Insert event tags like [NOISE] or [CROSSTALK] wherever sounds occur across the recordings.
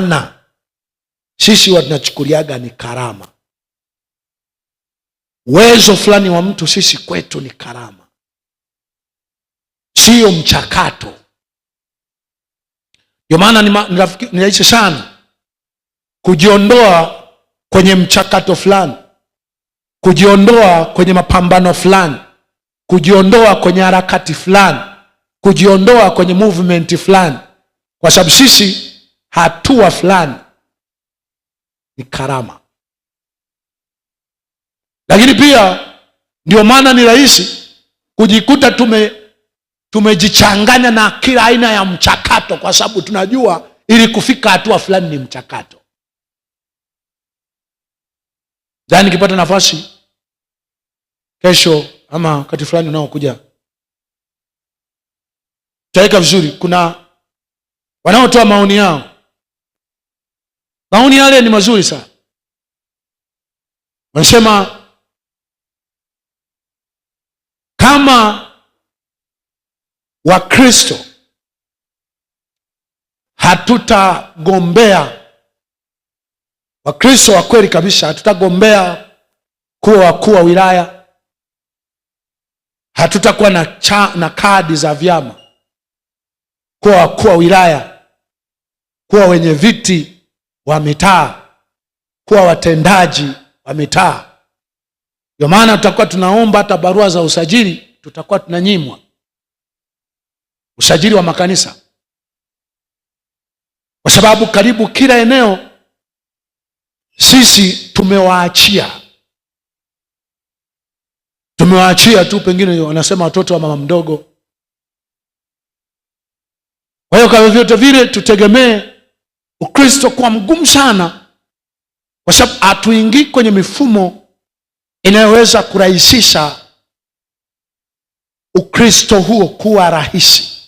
maana Sisi watunachukuliaga ni karama, uwezo fulani wa mtu, sisi kwetu ni karama, siyo mchakato. Ndio maana ni rahisi sana kujiondoa kwenye mchakato fulani, kujiondoa kwenye mapambano fulani, kujiondoa kwenye harakati fulani, kujiondoa kwenye movement fulani, kwa sababu sisi hatua fulani ni karama, lakini pia ndio maana ni rahisi kujikuta tume tumejichanganya na kila aina ya mchakato, kwa sababu tunajua ili kufika hatua fulani ni mchakato. Jana yaani nikipata nafasi, kesho ama wakati fulani unaokuja tutaweka vizuri, kuna wanaotoa maoni yao Maoni yale ni mazuri sana. Wanasema kama Wakristo hatutagombea, Wakristo wa kweli kabisa hatutagombea kuwa wakuu wa wilaya, hatutakuwa na, cha, na kadi za vyama, kuwa wakuu wa wilaya, kuwa wenye viti wa mitaa, kuwa watendaji wa mitaa. Ndio maana tutakuwa tunaomba hata barua za usajili, tutakuwa tunanyimwa usajili wa makanisa, kwa sababu karibu kila eneo sisi tumewaachia tumewaachia tu, pengine wanasema watoto wa mama mdogo. Kwa hiyo kwa vyovyote vile tutegemee Ukristo kuwa mgumu sana, kwa sababu hatuingii kwenye mifumo inayoweza kurahisisha Ukristo huo kuwa rahisi.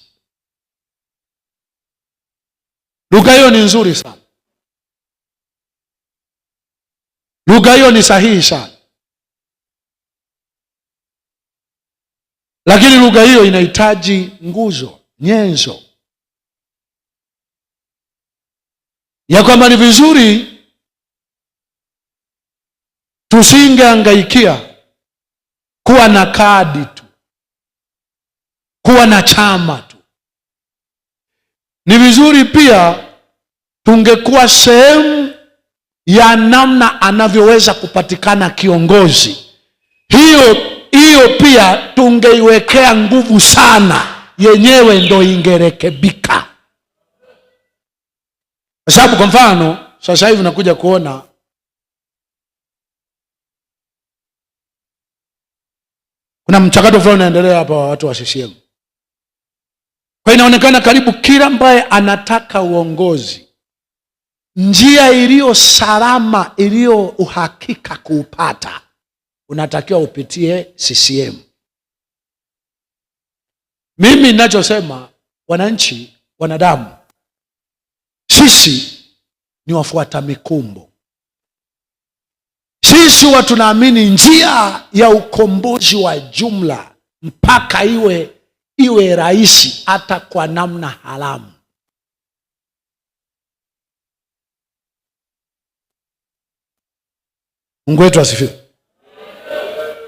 Lugha hiyo ni nzuri sana, lugha hiyo ni sahihi sana, lakini lugha hiyo inahitaji nguzo, nyenzo ya kwamba ni vizuri tusingeangaikia kuwa na kadi tu, kuwa na chama tu. Ni vizuri pia tungekuwa sehemu ya namna anavyoweza kupatikana kiongozi. Hiyo hiyo pia tungeiwekea nguvu sana, yenyewe ndo ingerekebika. Kwa sababu kwa mfano sasa hivi unakuja kuona kuna mchakato fulani unaendelea hapa wa watu wa CCM. Kwa inaonekana karibu kila ambaye anataka uongozi, njia iliyo salama, iliyo uhakika kuupata, unatakiwa upitie CCM. Mimi ninachosema, wananchi, wanadamu sisi ni wafuata mikumbo. Sisi huwa tunaamini njia ya ukombozi wa jumla mpaka iwe iwe rahisi, hata kwa namna haramu. Mungu wetu asifiwe.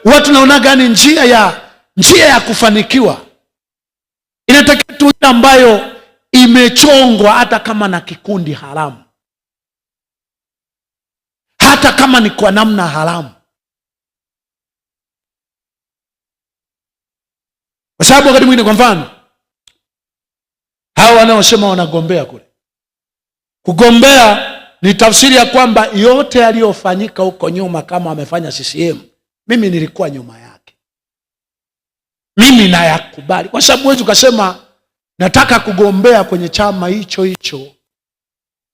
Huwa tunaona gani njia ya njia ya kufanikiwa, inatakiwa tu ile ambayo imechongwa hata kama na kikundi haramu, hata kama ni kwa namna haramu, kwa sababu wakati mwingine, kwa mfano, hawa wanaosema wanagombea kule, kugombea ni tafsiri ya kwamba yote yaliyofanyika huko nyuma, kama amefanya CCM, mimi nilikuwa nyuma yake, mimi nayakubali, kwa sababu wezi ukasema Nataka kugombea kwenye chama hicho hicho.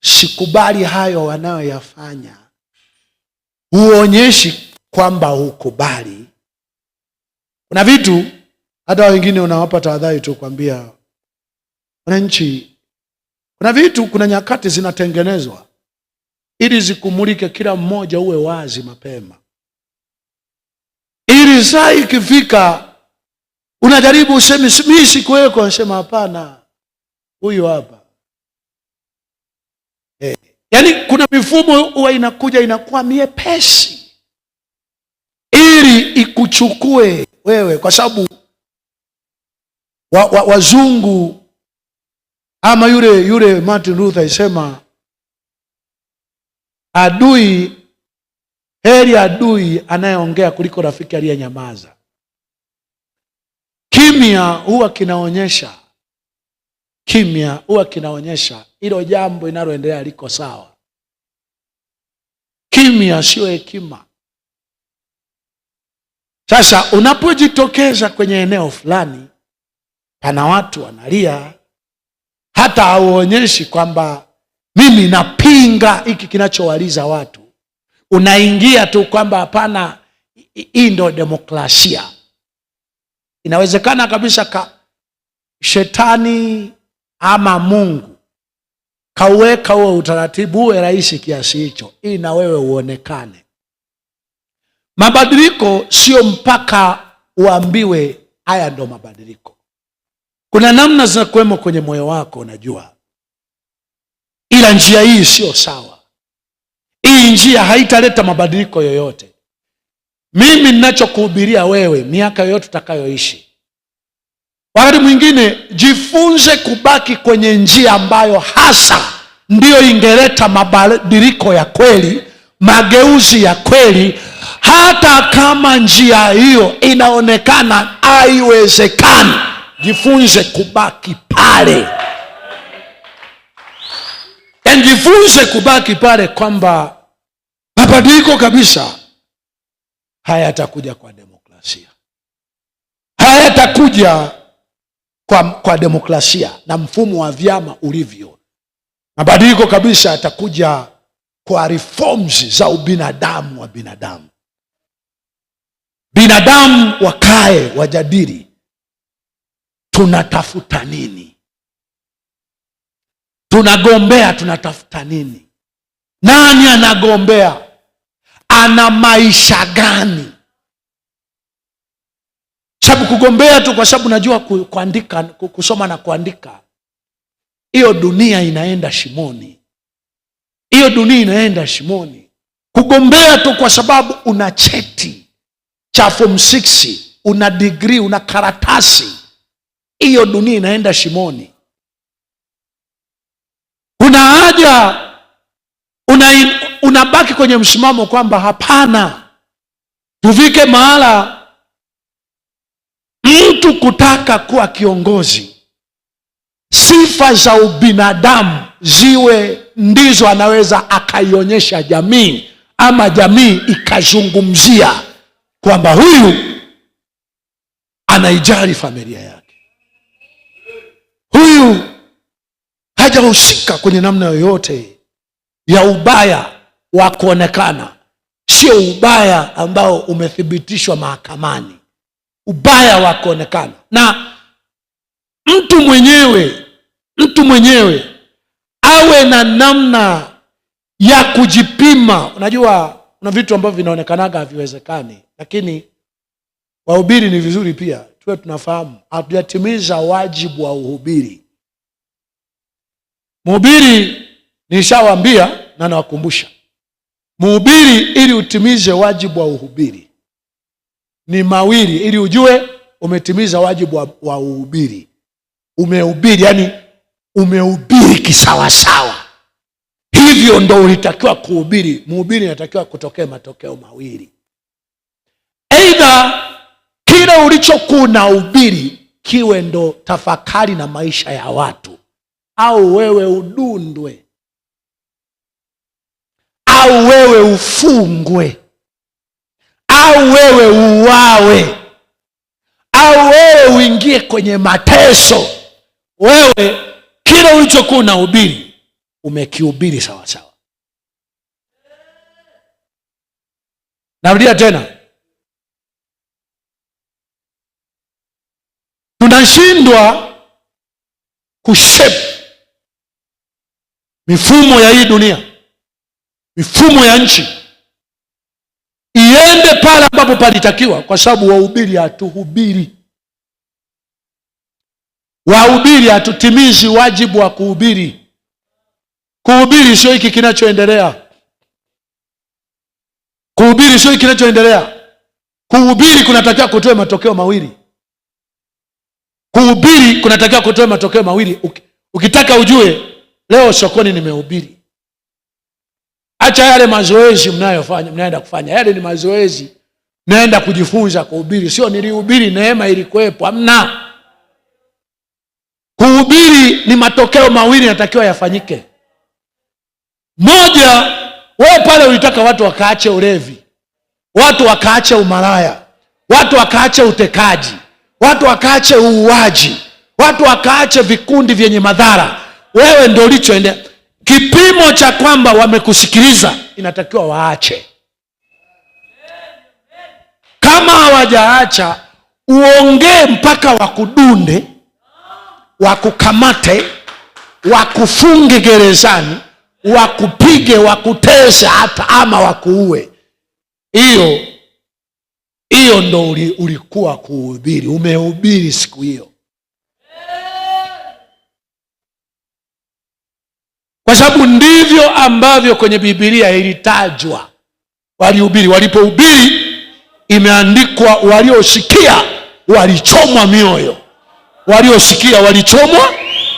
Sikubali hayo wanayoyafanya. Huonyeshi kwamba hukubali. Kuna vitu hata wengine unawapa tahadhari tu, kuambia wananchi, kuna vitu, kuna nyakati zinatengenezwa ili zikumulike, kila mmoja uwe wazi mapema, ili saa ikifika Unajaribu useme mimi sikuweko, anasema hapana, huyo hapa eh. Yaani kuna mifumo huwa inakuja inakuwa miepesi ili ikuchukue wewe, kwa sababu wa, wa, wazungu ama yule yule Martin Luther alisema adui, heri adui anayeongea kuliko rafiki aliyenyamaza. Kimya huwa kinaonyesha, kimya huwa kinaonyesha hilo jambo linaloendelea liko sawa. Kimya sio hekima. Sasa unapojitokeza kwenye eneo fulani, pana watu wanalia, hata hauonyeshi kwamba mimi napinga hiki kinachowaliza watu, unaingia tu kwamba hapana, hii ndo demokrasia Inawezekana kabisa ka shetani ama Mungu kauweka huo utaratibu uwe rahisi kiasi hicho, ili na wewe uonekane. Mabadiliko sio mpaka uambiwe haya ndo mabadiliko. Kuna namna zinakuwemo kwenye moyo wako, unajua, ila njia hii siyo sawa, hii njia haitaleta mabadiliko yoyote. Mimi ninachokuhubiria wewe miaka yoyote utakayoishi, wakati mwingine jifunze kubaki kwenye njia ambayo hasa ndiyo ingeleta mabadiriko ya kweli, mageuzi ya kweli, hata kama njia hiyo inaonekana haiwezekani. Jifunze kubaki pale, jifunze kubaki pale kwamba mabadiliko kabisa hayatakuja kwa demokrasia, hayatakuja kwa, kwa demokrasia na mfumo wa vyama ulivyo. Mabadiliko kabisa yatakuja kwa reforms za ubinadamu wa binadamu. Binadamu wakae wajadili, tunatafuta nini? Tunagombea tunatafuta nini? Nani anagombea? ana maisha gani sabu kugombea tu kwa sababu najua kuandika kusoma na kuandika hiyo dunia inaenda shimoni hiyo dunia inaenda shimoni kugombea tu kwa sababu una cheti cha form 6 una digrii una karatasi hiyo dunia inaenda shimoni una haja una, unabaki kwenye msimamo kwamba hapana, tufike mahala mtu kutaka kuwa kiongozi, sifa za ubinadamu ziwe ndizo anaweza akaionyesha jamii, ama jamii ikazungumzia kwamba huyu anaijali familia yake, huyu hajahusika kwenye namna yoyote ya ubaya wa kuonekana, sio ubaya ambao umethibitishwa mahakamani, ubaya wa kuonekana. Na mtu mwenyewe, mtu mwenyewe awe na namna ya kujipima. Unajua, kuna vitu ambavyo vinaonekanaga haviwezekani, lakini wahubiri ni vizuri pia tuwe tunafahamu hatujatimiza wajibu wa uhubiri. Mhubiri nishawambia na nawakumbusha muhubiri ili utimize wajibu wa uhubiri ni mawili, ili ujue umetimiza wajibu wa, wa uhubiri. Umehubiri yani umehubiri kisawasawa, hivyo ndo ulitakiwa kuhubiri. muhubiri inatakiwa kutokea matokeo mawili, aidha kile ulichokuwa ubiri kiwe ndo tafakari na maisha ya watu, au wewe udundwe au wewe ufungwe au wewe uwawe au wewe uingie kwenye mateso, wewe kile ulichokuwa unahubiri umekihubiri sawasawa. Narudia tena, tunashindwa kushep mifumo ya hii dunia mifumo ya nchi iende pale ambapo palitakiwa, kwa sababu wahubiri hatuhubiri, wahubiri hatutimizi wajibu wa kuhubiri. Kuhubiri sio hiki kinachoendelea, kuhubiri sio hiki kinachoendelea. Kuhubiri kunatakiwa kutoe matokeo mawili, kuhubiri kunatakiwa kutoe matokeo mawili. Ukitaka ujue leo sokoni nimehubiri Acha yale mazoezi mnayofanya, mnaenda kufanya yale ni mazoezi, naenda kujifunza kuhubiri. Sio nilihubiri neema ilikuwepo, hamna. Kuhubiri ni matokeo mawili yanatakiwa yafanyike. Moja, wewe pale ulitaka watu wakaache ulevi, watu wakaache umaraya, watu wakaache utekaji, watu wakaache uuaji, watu wakaache vikundi vyenye madhara. Wewe ndo ulichoendea kipimo cha kwamba wamekusikiliza inatakiwa waache kama hawajaacha uongee mpaka wakudunde wakukamate wakufunge gerezani wakupige wakutesa hata ama wakuue hiyo hiyo ndo ulikuwa kuhubiri umehubiri siku hiyo kwa sababu ndivyo ambavyo kwenye bibilia ilitajwa. Walihubiri, walipohubiri imeandikwa, waliosikia walichomwa mioyo, waliosikia walichomwa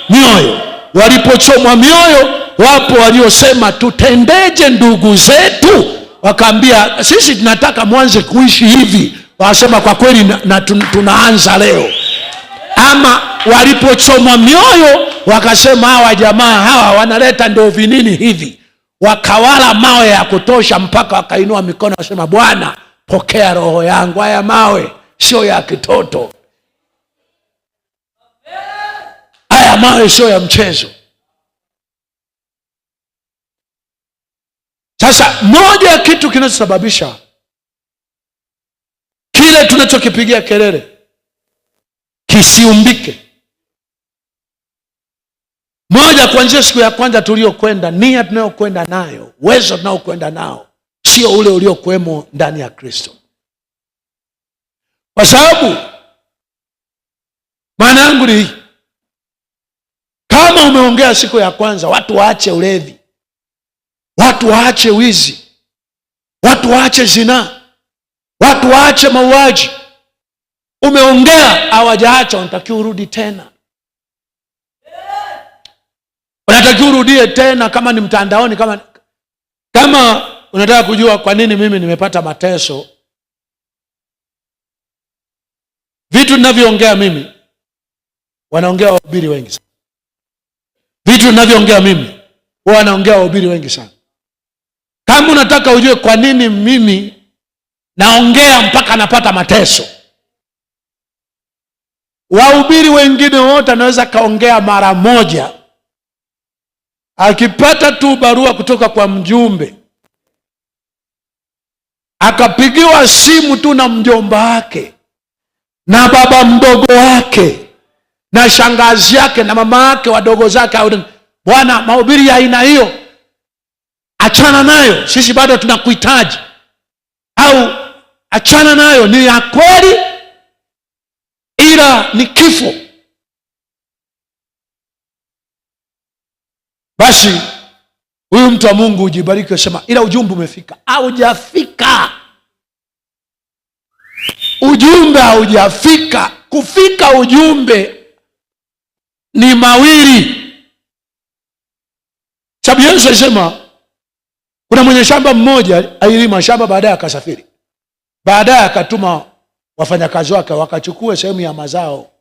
mioyo. Walipochomwa mioyo, wapo waliosema tutendeje ndugu zetu? Wakaambia sisi tunataka mwanze kuishi hivi. Wakasema kwa kweli na, na tunaanza leo. Ama walipochomwa mioyo wakasema hawa jamaa hawa wanaleta ndo vinini hivi wakawala mawe ya kutosha mpaka wakainua mikono wasema bwana pokea roho yangu haya mawe sio ya kitoto haya mawe sio ya mchezo sasa moja ya kitu kinachosababisha kile tunachokipigia kelele kisiumbike moja, kuanzia siku ya kwanza tuliyokwenda, nia tunayokwenda nayo, uwezo tunaokwenda nao sio ule uliokuwemo ndani ya Kristo, kwa sababu maana yangu ni kama umeongea siku ya kwanza, watu waache ulevi, watu waache wizi, watu waache zinaa, watu waache mauaji. Umeongea awajaacha wanatakiwa urudi tena. Utaki urudie tena, kama ni mtandaoni, kama kama unataka kujua kwa nini mimi nimepata mateso, vitu ninavyoongea mimi wanaongea wahubiri wengi sana, vitu ninavyoongea mimi huwa wanaongea wahubiri wengi sana. Kama unataka ujue kwa nini mimi naongea mpaka napata mateso, wahubiri wengine wote anaweza kaongea mara moja akipata tu barua kutoka kwa mjumbe, akapigiwa simu tu na mjomba wake na baba mdogo wake na shangazi yake na mama yake wadogo zake, bwana, mahubiri ya aina hiyo achana nayo, sisi bado tunakuhitaji, au achana nayo, ni ya kweli ila ni kifo. Basi huyu mtu wa Mungu ujibariki, asema ila ujumbe umefika. aujafika ujumbe haujafika. Kufika ujumbe ni mawili. Sababu Yesu alisema kuna mwenye shamba mmoja alilima shamba, baadaye akasafiri, baadaye akatuma wafanyakazi wake wakachukue sehemu ya mazao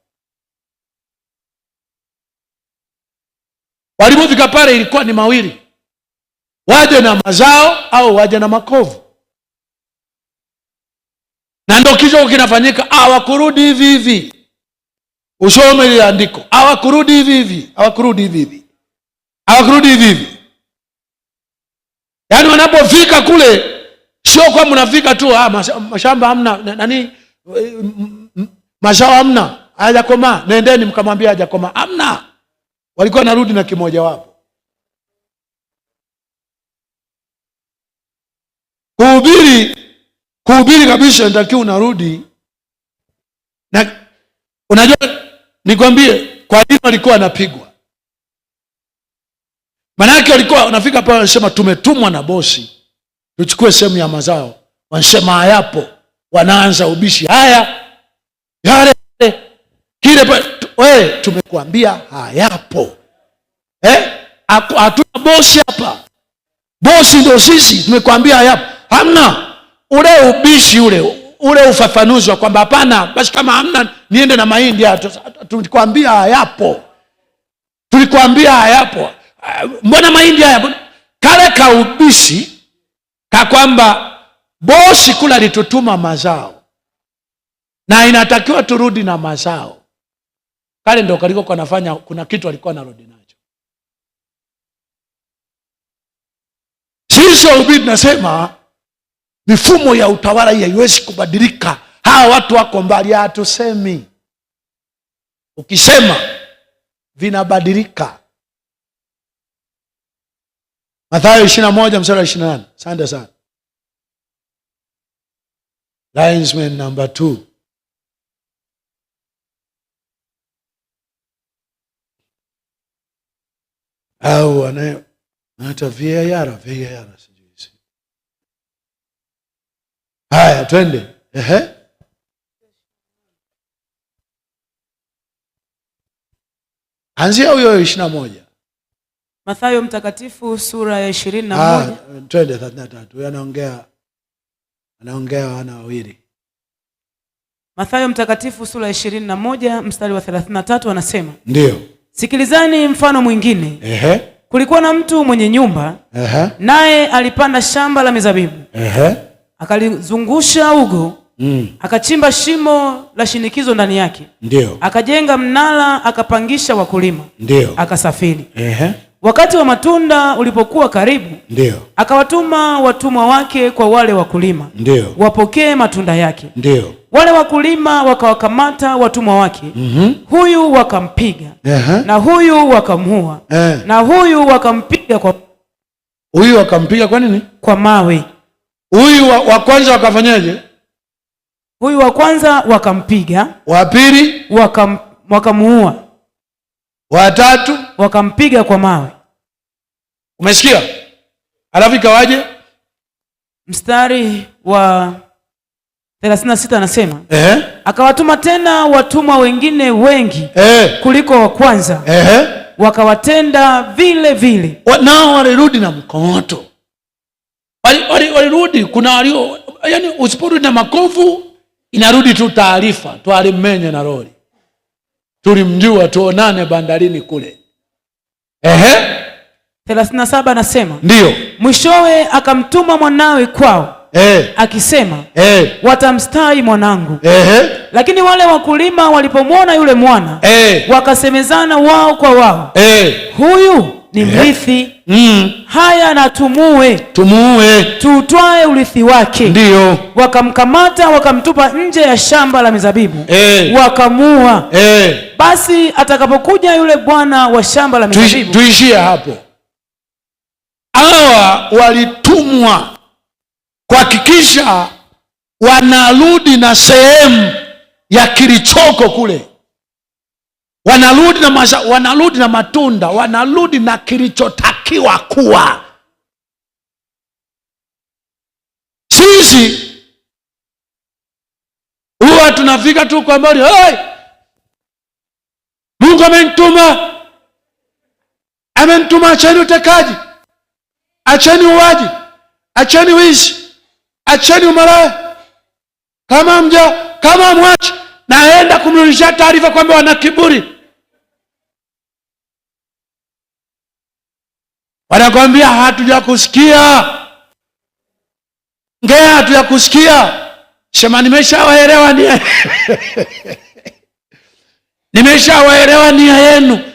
Walipofika pale ilikuwa ni mawili, waje na mazao au waje na makovu, na ndo kicho kinafanyika. Hawakurudi hivi hivi, usome ile andiko, hawakurudi hivi hivi, hawakurudi hivi hivi, hawakurudi hivi hivi. Yaani wanapofika kule, sio kwa unafika tu ah, mashamba hamna nani, mazao hamna, hayajakomaa, nendeni mkamwambia hajakomaa, hamna walikuwa narudi na kimojawapo, kuhubiri. Kuhubiri kabisa, nitakiwa unarudi na unajua, nikwambie kwa nini walikuwa wanapigwa. manake walikuwa wanafika pale, wanasema tumetumwa na bosi tuchukue sehemu ya mazao, wanasema hayapo, wanaanza ubishi haya yale kile pale wewe tumekuambia hayapo eh? hatuna bosi hapa. Bosi ndio sisi, tumekuambia hayapo. Hamna ule ubishi ule ule ufafanuzi wa kwamba hapana, basi kama hamna niende na mahindi. Tulikwambia hayapo, tulikwambia hayapo. Eh, mbona mahindi haya? Kale ka ubishi ka kwamba bosi kula litutuma mazao na inatakiwa turudi na mazao kale ndo kalikokuwa nafanya, kuna kitu alikuwa rodi nacho. Sisi wahubiri tunasema mifumo ya utawala hii haiwezi kubadilika, hawa watu wako mbali. Hatusemi ukisema vinabadilika. Mathayo ishiri na moja msara wa ishirini na nane. Asante sana. number two. au anaye hata VAR VAR sijui haya, twende ehe. Anzia huyo ishirini na moja Mathayo mtakatifu sura ya ishirini na ah, moja twende thelathini na tatu Huyo anaongea anaongea wana wawili. Mathayo mtakatifu sura ya ishirini na moja mstari wa thelathini na tatu anasema ndio Sikilizani mfano mwingine. Ehe. Kulikuwa na mtu mwenye nyumba naye alipanda shamba la mizabibu akalizungusha ugo mm. akachimba shimo la shinikizo ndani yake, ndio akajenga mnala akapangisha wakulima, ndio akasafiri. Ehe. Wakati wa matunda ulipokuwa karibu, ndio akawatuma watumwa wake kwa wale wakulima, ndio wapokee matunda yake. Ndio wale wakulima wakawakamata watumwa wake, mm -hmm. huyu wakampiga, uh -huh. na huyu wakamua, uh eh. -huh. na huyu wakampiga kwa huyu wakampiga kwa nini? Kwa mawe. Huyu wa, wa kwanza wakafanyaje? Huyu wa kwanza wakampiga, wa pili wakam, watatu wakampiga kwa mawe. Umesikia? Alafu ikawaje? Mstari wa 36 anasema eh, akawatuma tena watumwa wengine wengi eh, kuliko wa kwanza eh, wakawatenda vile vile. Nao walirudi na mkomoto, walirudi kuna walio, yani usiporudi na makovu inarudi tu taarifa, twalimmenye na roli tulimjua tuonane bandarini kule. Ehe. 37 anasema ndio mwishowe akamtuma mwanawe kwao eh, akisema eh, watamstahi mwanangu eh. Lakini wale wakulima walipomwona yule mwana eh, wakasemezana wao kwa wao eh, huyu ni eh. mrithi mm. Haya, na tumue tumue, tutwae urithi wake. ndio wakamkamata wakamtupa nje ya shamba la mizabibu eh, Wakamua eh, Basi atakapokuja yule bwana wa shamba la mizabibu, tuishie hapo walitumwa kuhakikisha wanarudi na sehemu ya kilichoko kule, wanarudi na maza, wanarudi na matunda, wanarudi na kilichotakiwa kuwa. Sisi huwa tunafika tu kwa mbali, hey! Mungu amenituma, amenituma acheni utekaji Acheni uwaji, acheni wizi, acheni umalaya. Kama mja kama mwachi, naenda kumrudishia taarifa kwamba wana kiburi. Wanakwambia hatujakusikia, Ngea hatujakusikia. Shema, nimeshawaelewa nia [LAUGHS] nimeshawaelewa nia yenu,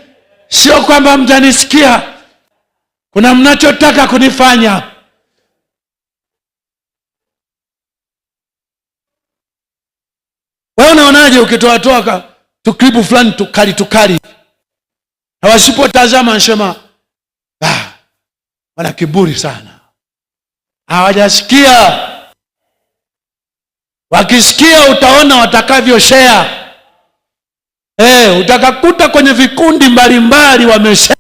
sio kwamba mtanisikia kuna mnachotaka kunifanya wewe unaonaje ukitoatoa tukribu fulani tukali tukali na wasipotazama anasema ah, wana kiburi sana hawajasikia wakisikia utaona watakavyoshea hey, eh, utakakuta kwenye vikundi mbalimbali wameshea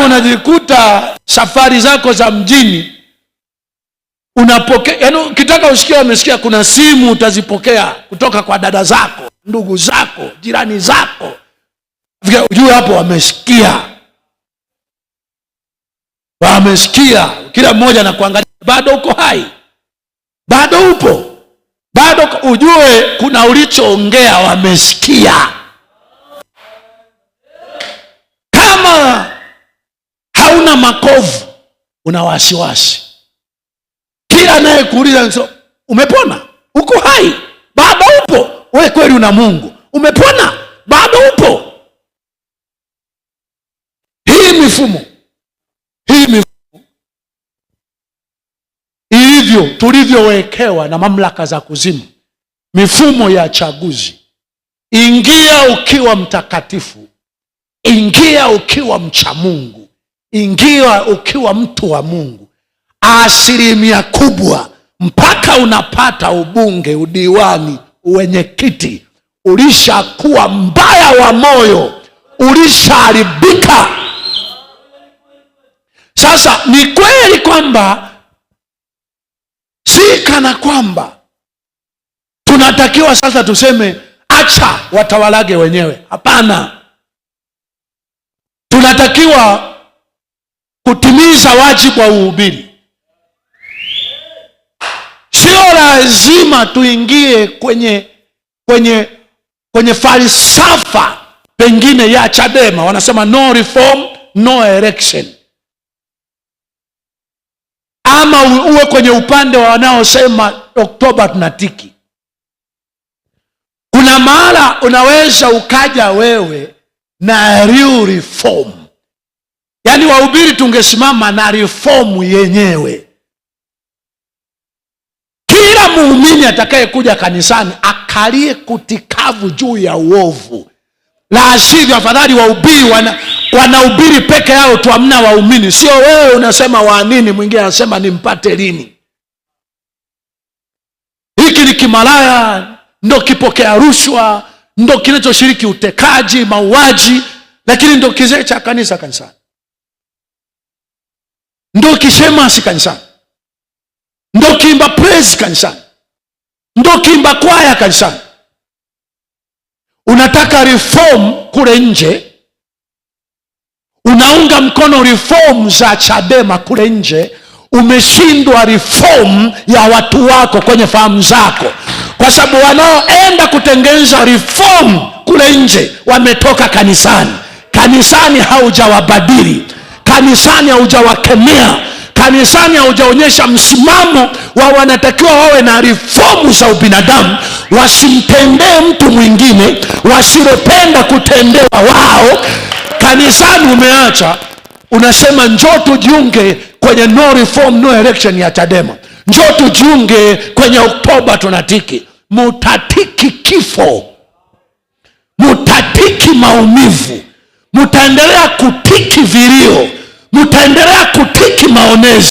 sababu unajikuta safari zako za mjini unapokea, yani ukitaka usikia, umesikia kuna simu utazipokea kutoka kwa dada zako, ndugu zako, jirani zako, ujue hapo wamesikia, wamesikia. Kila mmoja anakuangalia, bado uko hai, bado upo, bado ujue kuna ulichoongea, wamesikia kama makovu una wasiwasi kila anayekuuliza so, umepona uko hai bado upo we kweli una mungu umepona bado upo hii mifumo hii mifumo ilivyo tulivyowekewa na mamlaka za kuzimu mifumo ya chaguzi ingia ukiwa mtakatifu ingia ukiwa mcha mungu ingiwa ukiwa mtu wa Mungu, asilimia kubwa mpaka unapata ubunge, udiwani, uwenyekiti, ulishakuwa mbaya wa moyo, ulishaharibika. Sasa ni kweli kwamba si kana kwamba tunatakiwa sasa tuseme acha watawalage wenyewe. Hapana, tunatakiwa kutimiza wajibu wa uhubiri. Sio lazima tuingie kwenye kwenye kwenye falsafa pengine ya Chadema, wanasema no reform no election, ama uwe kwenye upande wa wanaosema Oktoba tunatiki. Kuna mahala unaweza ukaja wewe na real reform Yaani wahubiri tungesimama na rifomu yenyewe. Kila muumini atakayekuja kanisani akalie kutikavu juu ya uovu, la asivyo afadhali wahubiri wana peke yao tu, waumini. Sio wewe unasema waanini mwingine anasema nimpate lini? Hiki ni kimalaya, ndo kipokea rushwa, ndo kinachoshiriki utekaji, mauaji, lakini ndo kizee cha kanisa kanisani ndo kishemasi kanisani, ndo kiimba praise kanisani, ndo kiimba kwaya kanisani. Unataka reform kule nje, unaunga mkono reform za Chadema kule nje, umeshindwa reform ya watu wako kwenye fahamu zako, kwa sababu wanaoenda kutengeneza reform kule nje wametoka kanisani. Kanisani haujawabadili kanisani haujawakemea kanisani haujaonyesha msimamo wa wanatakiwa wawe na rifomu za ubinadamu wasimtendee mtu mwingine wasilopenda kutendewa wao kanisani umeacha unasema njo tujiunge kwenye no reform no election ya chadema njo tujiunge kwenye oktoba tunatiki mutatiki kifo mutatiki maumivu mutaendelea kutiki vilio mtaendelea kutiki maonezo